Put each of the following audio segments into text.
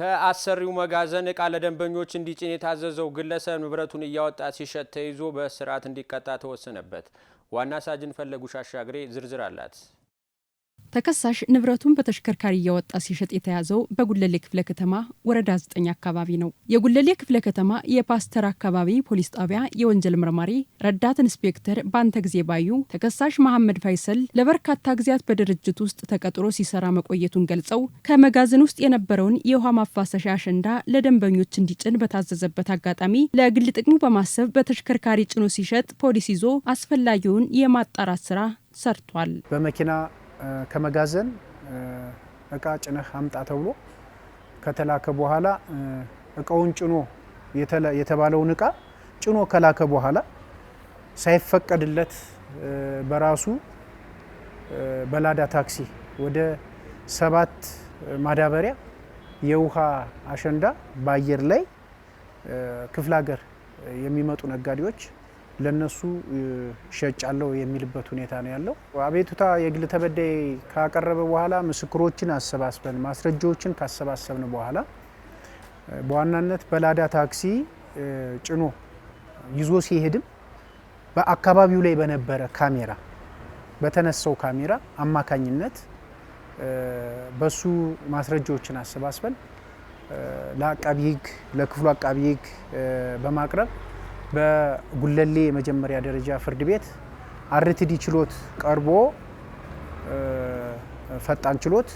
ከአሰሪው መጋዘን እቃ ለደንበኞች እንዲጭን የታዘዘው ግለሰብ ንብረቱን እያወጣ ሲሸጥ ተይዞ በስርዓት እንዲቀጣ ተወሰነበት። ዋና ሳጅን ፈለጉ ሻሻግሬ ዝርዝር አላት። ተከሳሽ ንብረቱን በተሽከርካሪ እያወጣ ሲሸጥ የተያዘው በጉለሌ ክፍለ ከተማ ወረዳ 9 አካባቢ ነው። የጉለሌ ክፍለ ከተማ የፓስተር አካባቢ ፖሊስ ጣቢያ የወንጀል መርማሪ ረዳት ኢንስፔክተር በአንተ ጊዜ ባዩ ተከሳሽ መሐመድ ፋይሰል ለበርካታ ጊዜያት በድርጅት ውስጥ ተቀጥሮ ሲሰራ መቆየቱን ገልጸው ከመጋዘን ውስጥ የነበረውን የውሃ ማፋሰሻ አሸንዳ ለደንበኞች እንዲጭን በታዘዘበት አጋጣሚ ለግል ጥቅሙ በማሰብ በተሽከርካሪ ጭኖ ሲሸጥ ፖሊስ ይዞ አስፈላጊውን የማጣራት ስራ ሰርቷል። በመኪና ከመጋዘን እቃ ጭነህ አምጣ ተብሎ ከተላከ በኋላ እቃውን ጭኖ የተባለውን እቃ ጭኖ ከላከ በኋላ ሳይፈቀድለት በራሱ በላዳ ታክሲ ወደ ሰባት ማዳበሪያ የውሃ አሸንዳ በአየር ላይ ክፍለ ሀገር የሚመጡ ነጋዴዎች ለነሱ ሸጫለው የሚልበት ሁኔታ ነው ያለው። አቤቱታ የግል ተበዳይ ካቀረበ በኋላ ምስክሮችን አሰባስበን ማስረጃዎችን ካሰባሰብን በኋላ በዋናነት በላዳ ታክሲ ጭኖ ይዞ ሲሄድም በአካባቢው ላይ በነበረ ካሜራ በተነሳው ካሜራ አማካኝነት በሱ ማስረጃዎችን አሰባስበን ለአቃቢ ሕግ ለክፍሉ አቃቢ ሕግ በማቅረብ በጉለሌ የመጀመሪያ ደረጃ ፍርድ ቤት አርትዲ ችሎት ቀርቦ ፈጣን ችሎት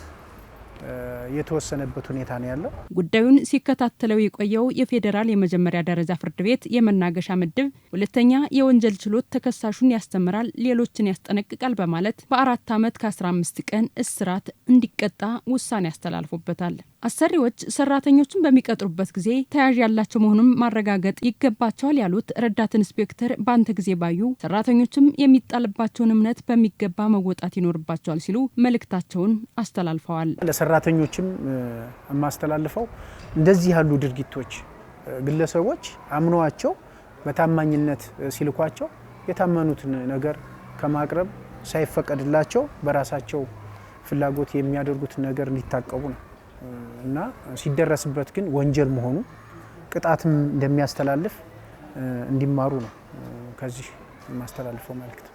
የተወሰነበት ሁኔታ ነው ያለው። ጉዳዩን ሲከታተለው የቆየው የፌዴራል የመጀመሪያ ደረጃ ፍርድ ቤት የመናገሻ ምድብ ሁለተኛ የወንጀል ችሎት ተከሳሹን ያስተምራል፣ ሌሎችን ያስጠነቅቃል በማለት በአራት ዓመት ከ15 ቀን እስራት እንዲቀጣ ውሳኔ ያስተላልፎበታል። አሰሪዎች ሰራተኞቹን በሚቀጥሩበት ጊዜ ተያዥ ያላቸው መሆኑን ማረጋገጥ ይገባቸዋል ያሉት ረዳት ኢንስፔክተር በአንተ ጊዜ ባዩ ሰራተኞችም የሚጣልባቸውን እምነት በሚገባ መወጣት ይኖርባቸዋል ሲሉ መልእክታቸውን አስተላልፈዋል። ለሰራተኞችም የማስተላልፈው እንደዚህ ያሉ ድርጊቶች ግለሰቦች አምነዋቸው በታማኝነት ሲልኳቸው የታመኑትን ነገር ከማቅረብ ሳይፈቀድላቸው በራሳቸው ፍላጎት የሚያደርጉትን ነገር እንዲታቀቡ ነው እና ሲደረስበት ግን ወንጀል መሆኑ ቅጣትም እንደሚያስተላልፍ እንዲማሩ ነው ከዚህ የማስተላልፈው መልእክት።